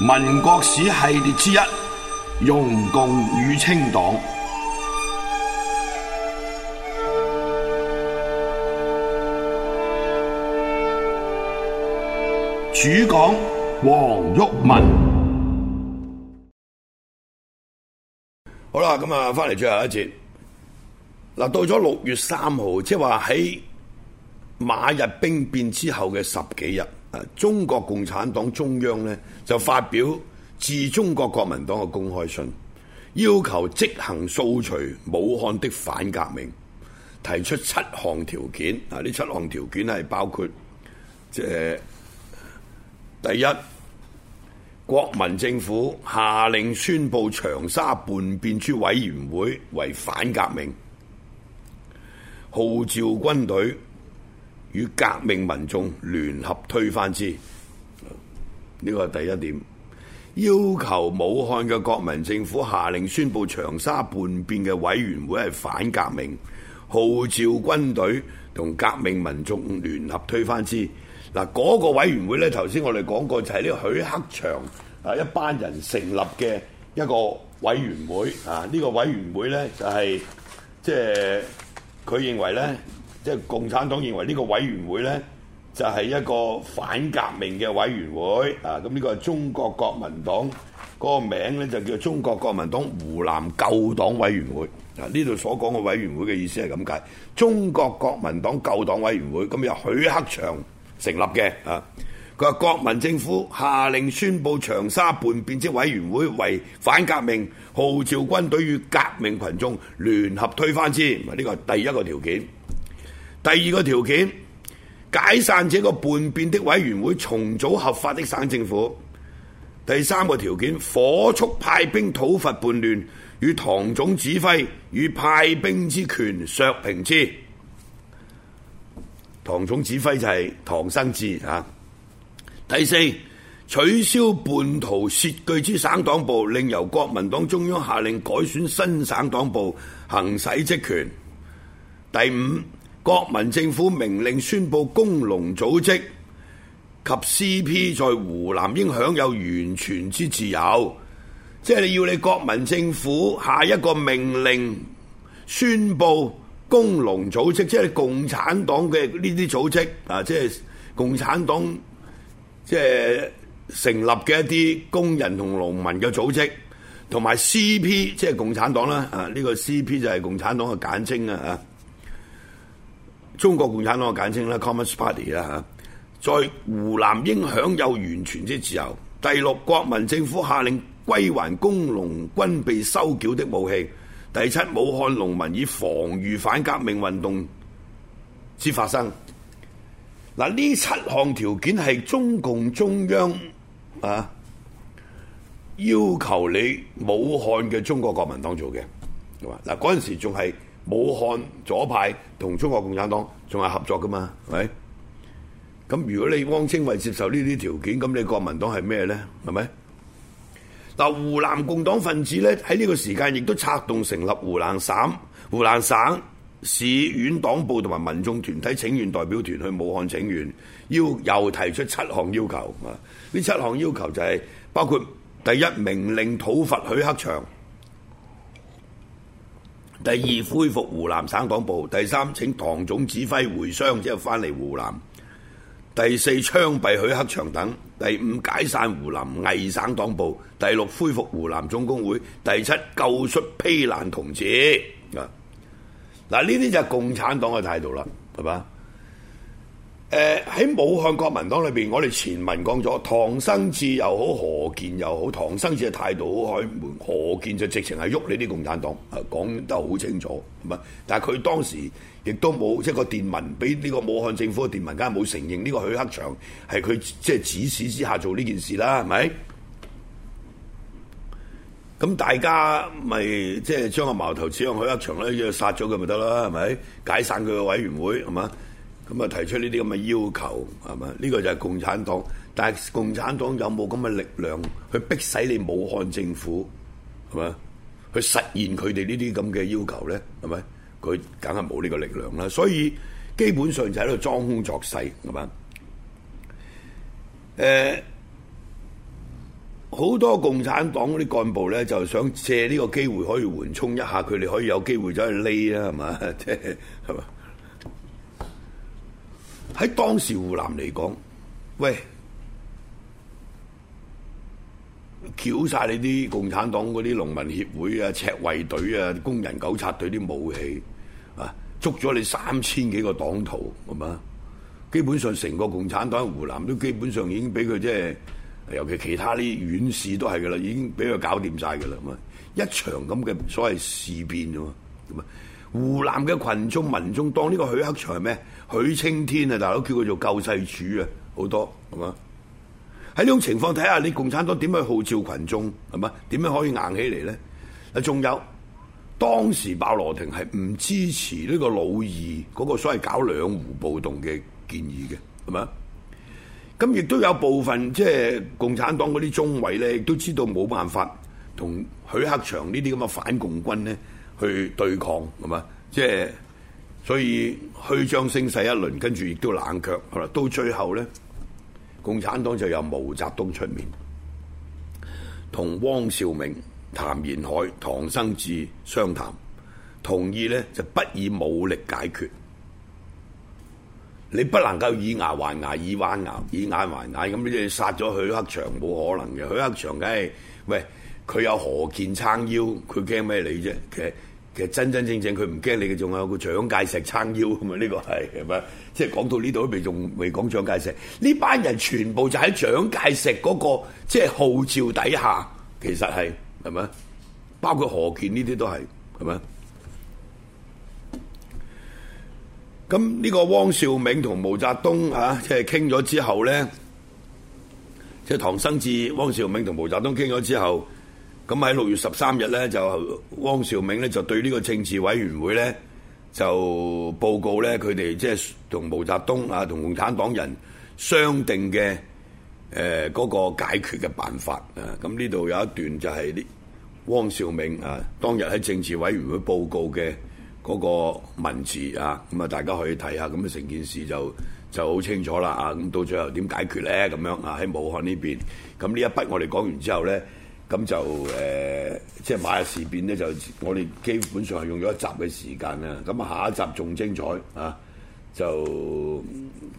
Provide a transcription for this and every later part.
民國史系列之一：容共與清黨。主講黃毓民。好啦，咁啊，翻嚟最後一節。嗱，到咗六月三號，即係話喺馬日兵變之後嘅十幾日。中國共產黨中央呢，就發表致中國國民黨嘅公開信，要求即行掃除武漢的反革命，提出七項條件。啊，呢七項條件係包括即、呃、第一，國民政府下令宣布長沙叛變處委員會為反革命，號召軍隊，與革命民眾聯合推翻之，呢個係第一點。要求武漢嘅國民政府下令宣布長沙叛變嘅委員會係反革命，號召軍隊同革命民眾聯合推翻之。嗱，嗰個委員會呢，頭先我哋講過，就係呢個許克祥啊一班人成立嘅一個委員會啊。呢個委員會呢，就係即係佢認為呢。即係共產黨認為呢個委員會呢，就係一個反革命嘅委員會啊！咁呢個係中國國民黨嗰個名呢，就叫中國國民黨湖南救黨委員會啊。呢度所講嘅委員會嘅意思係咁解：中國國民黨救黨委員會咁由許克祥成立嘅啊。佢話國民政府下令宣佈長沙叛變，即委員會為反革命，號召軍隊與革命群眾聯合推翻之。呢個係第一個條件。第二個條件，解散這個叛變的委員會，重組合法的省政府。第三個條件，火速派兵討伐叛亂，與唐總指揮與派兵之權削平之。唐總指揮就係唐生智啊。第四，取消叛徒竊據之省黨部，另由國民黨中央下令改選新省黨部，行使職權。第五。國民政府命令宣佈工農組織及 CP 在湖南應享有完全之自由，即係你要你國民政府下一個命令宣佈工農組，組織，即係共產黨嘅呢啲組織啊，即係共產黨即係成立嘅一啲工人同農民嘅組織，同埋 CP 即係共產黨啦，啊呢、這個 CP 就係共產黨嘅簡稱啊。中國共產黨簡稱啦 Commerce Party 啦吓，在湖南應享有完全之自由。第六國民政府下令歸還工農軍備收繳的武器。第七武漢農民以防禦反革命運動之發生。嗱，呢七項條件係中共中央啊要求你武漢嘅中國國民黨做嘅，嗱，嗰陣時仲係。武漢左派同中國共產黨仲係合作噶嘛？係咪？咁如果你汪精衛接受呢啲條件，咁你國民黨係咩呢？係咪？嗱，湖南共黨分子呢，喺呢個時間亦都策動成立湖南省、湖南省市縣黨部同埋民眾團體請願代表團去武漢請願，要又提出七項要求。啊，呢七項要求就係包括第一，明令討伐許克祥。第二，恢復湖南省黨部，第三，請唐總指揮回湘，即係翻嚟湖南。第四，槍斃許克祥等，第五，解散湖南偽省黨部，第六，恢復湖南總工會，第七，救出披蘭同志。嗱，嗱呢啲就係共產黨嘅態度啦，係嘛？誒、呃、喺武漢國民黨裏邊，我哋前文講咗唐生智又好，何建又好，唐生智嘅態度好開門，何建就直情係喐你啲共產黨，啊、講得好清楚。係嘛，但係佢當時亦都冇即係個電文俾呢個武漢政府嘅電文，梗係冇承認呢個許克祥係佢即係指使之下做呢件事啦，係咪？咁大家咪即係將個矛頭指向許克祥咧，要殺咗佢咪得啦？係咪？解散佢嘅委員會係嘛？咁啊，提出呢啲咁嘅要求，係嘛？呢個就係共產黨，但係共產黨有冇咁嘅力量去逼使你武漢政府係嘛？去實現佢哋呢啲咁嘅要求咧，係咪？佢梗係冇呢個力量啦，所以基本上就喺度裝腔作勢，係嘛？誒，好多共產黨嗰啲幹部咧，就想借呢個機會可以緩衝一下，佢哋可以有機會走去匿啦，係嘛？即係係嘛？喺當時湖南嚟講，喂，繳晒你啲共產黨嗰啲農民協會啊、赤衛隊啊、工人糾察隊啲武器啊，捉咗你三千幾個黨徒咁啊，基本上成個共產黨喺湖南都基本上已經俾佢即係，尤其其他啲縣市都係噶啦，已經俾佢搞掂晒噶啦，咁啊，一場咁嘅所謂事變喎，咁啊。湖南嘅群眾民眾當呢個許克祥係咩？許青天啊，大佬叫佢做救世主啊，好多係嘛？喺呢種情況睇下，你共產黨點樣號召群眾係嘛？點樣可以硬起嚟咧？嗱，仲有當時鮑羅廷係唔支持呢個老二嗰個所謂搞兩湖暴動嘅建議嘅係嘛？咁亦都有部分即係共產黨嗰啲中委咧，亦都知道冇辦法同許克祥呢啲咁嘅反共軍咧。去對抗係嘛？即係所以虛張聲勢一輪，跟住亦都冷卻好啦，到最後咧，共產黨就由毛澤東出面，同汪兆銘、譚延闓、唐生智商談，同意咧就不以武力解決。你不能夠以牙還牙、以剜牙、以眼還眼，咁你就殺咗許克祥冇可能嘅，許克祥梗係喂。佢有何健撐腰，佢驚咩你啫？其實其實真真正正佢唔驚你嘅，仲有個蔣介石撐腰，咁啊呢個係係咪？即係、就是、講到呢度都未仲未講蔣介石呢班人全部就喺蔣介石嗰、那個即係、就是、號召底下，其實係係咪？包括何健呢啲都係係咪？咁呢個汪兆銘同毛澤東嚇即係傾咗之後咧，即、就、係、是、唐生智、汪兆銘同毛澤東傾咗之後。咁喺六月十三日咧，就汪兆銘咧就對呢個政治委員會咧就報告咧，佢哋即係同毛澤東啊，同共產黨人商定嘅誒嗰個解決嘅辦法啊。咁呢度有一段就係呢汪兆銘啊，啊當日喺政治委員會報告嘅嗰個文字啊，咁啊大家可以睇下，咁啊成件事就就好清楚啦啊。咁到最後點解決咧？咁樣啊喺武漢呢邊咁呢一筆，我哋講完之後咧。咁就誒，即、呃、係、就是、馬日事變呢，就我哋基本上係用咗一集嘅時間啦。咁啊，下一集仲精彩啊！就即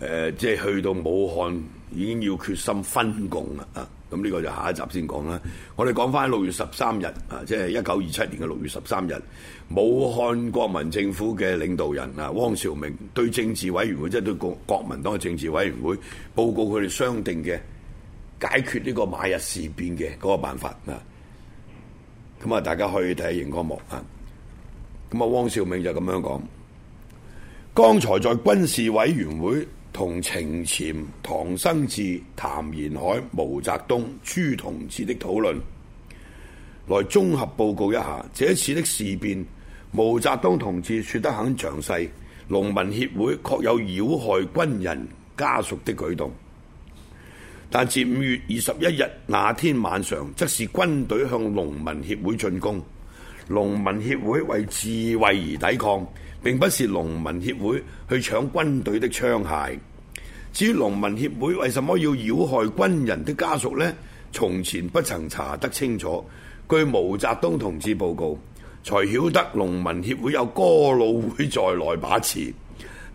係、呃就是、去到武漢已經要決心分共啦啊！咁呢個就下一集先講啦。我哋講翻六月十三日啊，即係一九二七年嘅六月十三日，武漢國民政府嘅領導人啊，汪兆銘對政治委員會，即、就、係、是、對國國民黨嘅政治委員會報告佢哋商定嘅解決呢個馬日事變嘅嗰個辦法啊！咁啊，大家可以睇下熒光幕啊！咁啊，汪兆銘就咁樣講。剛才在軍事委員會同程潛、唐生智、譚延海、毛澤東、朱同志的討論，來綜合報告一下這次的事變。毛澤東同志說得很詳細，農民協會確有擾害軍人家屬的舉動。但至五月二十一日那天晚上，則是軍隊向農民協會進攻，農民協會為自衛而抵抗，並不是農民協會去搶軍隊的槍械。至於農民協會為什麼要擾害軍人的家屬呢？從前不曾查得清楚。據毛澤東同志報告，才曉得農民協會有哥老會在內把持。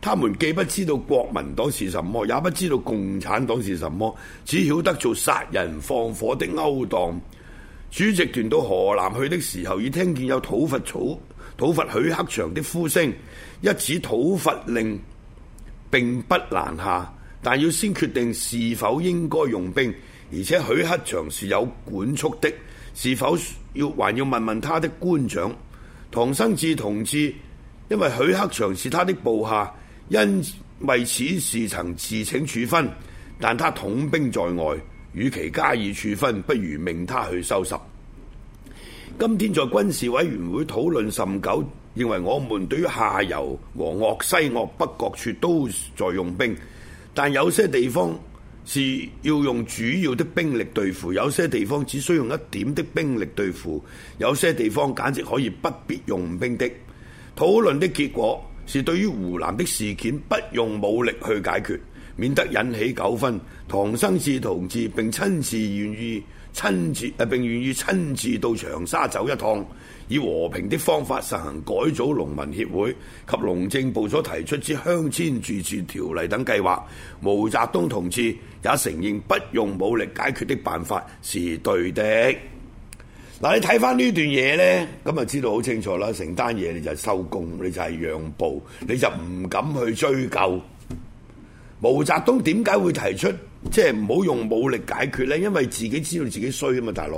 他們既不知道國民黨是什麼，也不知道共產黨是什麼，只曉得做殺人放火的勾當。主席團到河南去的時候，已聽見有討伐草、討伐許克祥的呼聲。一紙討伐令並不難下，但要先決定是否應該用兵，而且許克祥是有管束的，是否要還要問問他的官長唐生智同志，因為許克祥是他的部下。因為此事曾自請處分，但他統兵在外，與其加以處分，不如命他去收拾。今天在軍事委員會討論甚久，認為我們對於下游和鄂西、鄂北各處都在用兵，但有些地方是要用主要的兵力對付，有些地方只需要用一點的兵力對付，有些地方簡直可以不必用兵的。討論的結果，是對於湖南的事件不用武力去解決，免得引起糾紛。唐生智同志並親自願意親自誒、啊、並願意親自到長沙走一趟，以和平的方法實行改組農民協會及農政部所提出之鄉村自治條例等計劃。毛澤東同志也承認不用武力解決的辦法是對的。嗱，你睇翻呢段嘢呢，咁啊知道好清楚啦！成單嘢你就收工，你就係讓步，你就唔敢去追究。毛澤東點解會提出即係唔好用武力解決呢？因為自己知道自己衰啊嘛，大佬。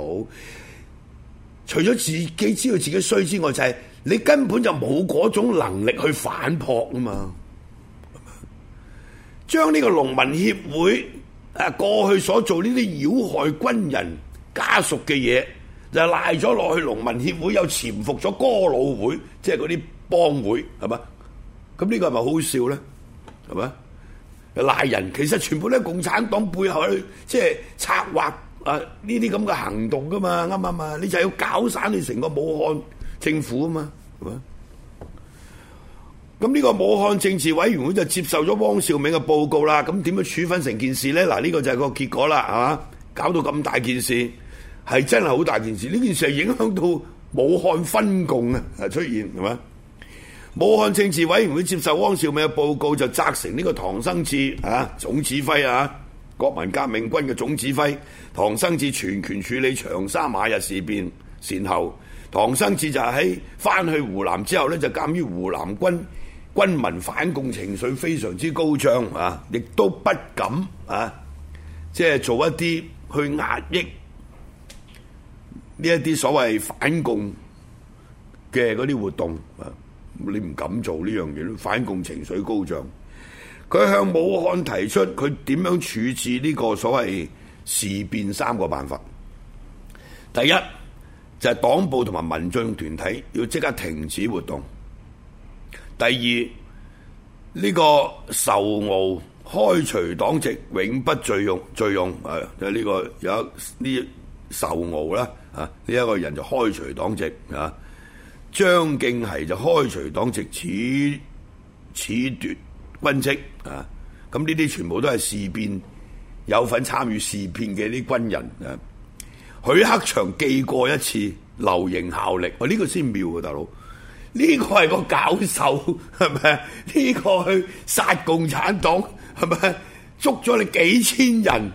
除咗自己知道自己衰之外，就係你根本就冇嗰種能力去反撲啊嘛。將呢個農民協會過去所做呢啲擾害軍人家屬嘅嘢。就賴咗落去農民協會，又潛伏咗哥老會，即係嗰啲幫會，係嘛？咁呢個係咪好笑咧？係嘛？賴人，其實全部都係共產黨背後去即係策劃啊呢啲咁嘅行動噶嘛？啱唔啱？你就要搞散你成個武漢政府啊嘛？咁呢個武漢政治委員會就接受咗汪兆銘嘅報告啦。咁點樣處分成件事咧？嗱，呢個就係個結果啦，係嘛？搞到咁大件事。係真係好大件事，呢件事係影響到武漢分共啊！出現，係嘛？武漢政治委員會接受汪兆銘嘅報告，就責成呢個唐生智啊總指揮啊，國民革命軍嘅總指揮唐生智全權處理長沙馬日事變善後。唐生智就喺翻去湖南之後呢，就鑒於湖南軍軍民反共情緒非常之高漲啊，亦都不敢啊，即係做一啲去壓抑。呢一啲所謂反共嘅嗰啲活動啊，你唔敢做呢樣嘢，反共情緒高漲。佢向武漢提出佢點樣處置呢個所謂事變三個辦法。第一就係、是、黨部同埋民眾團體要即刻停止活動。第二呢、這個仇鰲開除黨籍，永不敘用，敘用就呢、這個有呢。受傲啦，啊呢一個人就開除黨籍，啊張敬熙就開除黨籍，褫褫奪軍職，啊咁呢啲全部都係事變，有份參與事變嘅啲軍人，啊許克祥記過一次，留營效力，我、啊、呢、這個先妙嘅、啊、大佬，呢、這個係個搞手係咪？呢、這個去殺共產黨係咪？捉咗你幾千人，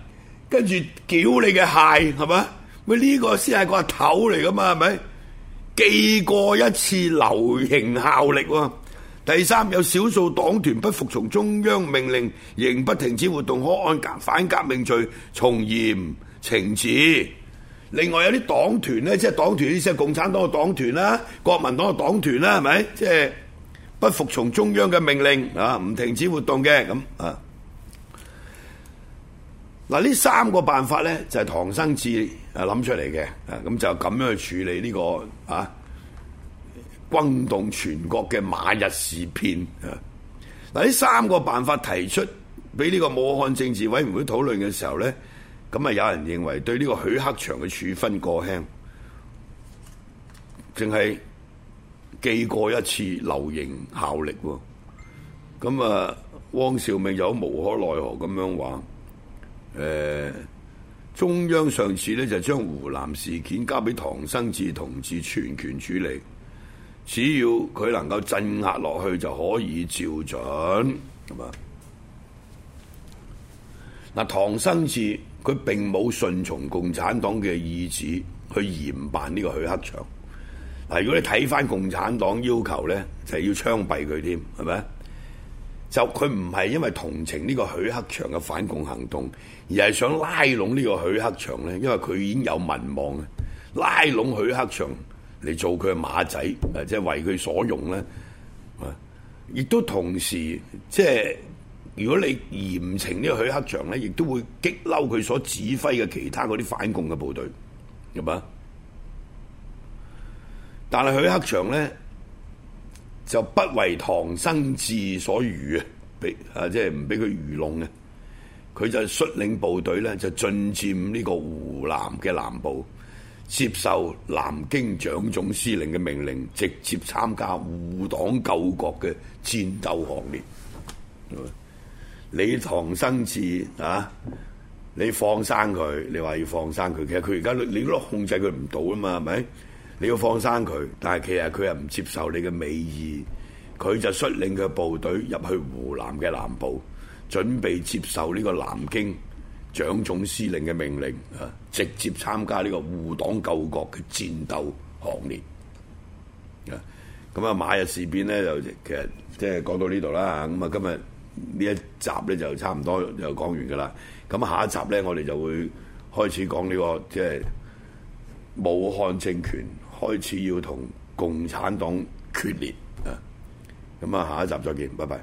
跟住繳你嘅械係咪？咪呢個先係個阿頭嚟噶嘛，係咪？記過一次流行效力。第三，有少數黨團不服從中央命令，仍不停止活動，可按反革命罪從嚴懲治。另外有啲黨團呢，即係黨團，即係共產黨嘅黨團啦，國民黨嘅黨團啦，係咪？即係不服從中央嘅命令啊，唔停止活動嘅咁啊。嗱，呢三個辦法咧就係唐生智啊諗出嚟嘅，啊咁就咁樣去處理呢個啊轟動全國嘅馬日事變。嗱，呢三個辦法提出俾呢個武漢政治委員會討論嘅時候咧，咁啊有人認為對呢個許克祥嘅處分過輕，淨係記過一次留營效力喎。咁啊，汪兆銘有無可奈何咁樣話。誒，中央上次咧就將湖南事件交俾唐生智同志全權處理，只要佢能夠鎮壓落去就可以照准，咁啊。嗱，唐生智佢並冇順從共產黨嘅意志去嚴辦呢個許克祥。嗱，如果你睇翻共產黨要求咧，就係要槍斃佢添，係咪？就佢唔係因為同情呢個許克祥嘅反共行動，而係想拉攏呢個許克祥呢，因為佢已經有民望啊，拉攏許克祥嚟做佢嘅馬仔，即係為佢所用呢，亦都同時，即係如果你嚴懲呢個許克祥呢，亦都會激嬲佢所指揮嘅其他嗰啲反共嘅部隊，咁啊，但係許克祥呢。就不為唐生智所愚啊！俾啊，即係唔俾佢愚弄嘅。佢就率領部隊咧，就進占呢個湖南嘅南部，接受南京蔣總司令嘅命令，直接參加護黨救國嘅戰鬥行列。你唐生智啊，你放生佢，你話要放生佢，其實佢而家你都控制佢唔到啊嘛，係咪？你要放生佢，但係其實佢又唔接受你嘅美意，佢就率領佢部隊入去湖南嘅南部，準備接受呢個南京蔣總司令嘅命令，啊，直接參加呢個護黨救國嘅戰鬥行列。咁啊，啊，馬日事變呢，就其實即係講到呢度啦。咁啊，今日呢一集呢，就差唔多就講完㗎啦。咁啊，下一集呢，我哋就會開始講呢個即係武漢政權。開始要同共產黨決裂啊。咁啊，下一集再見，拜拜。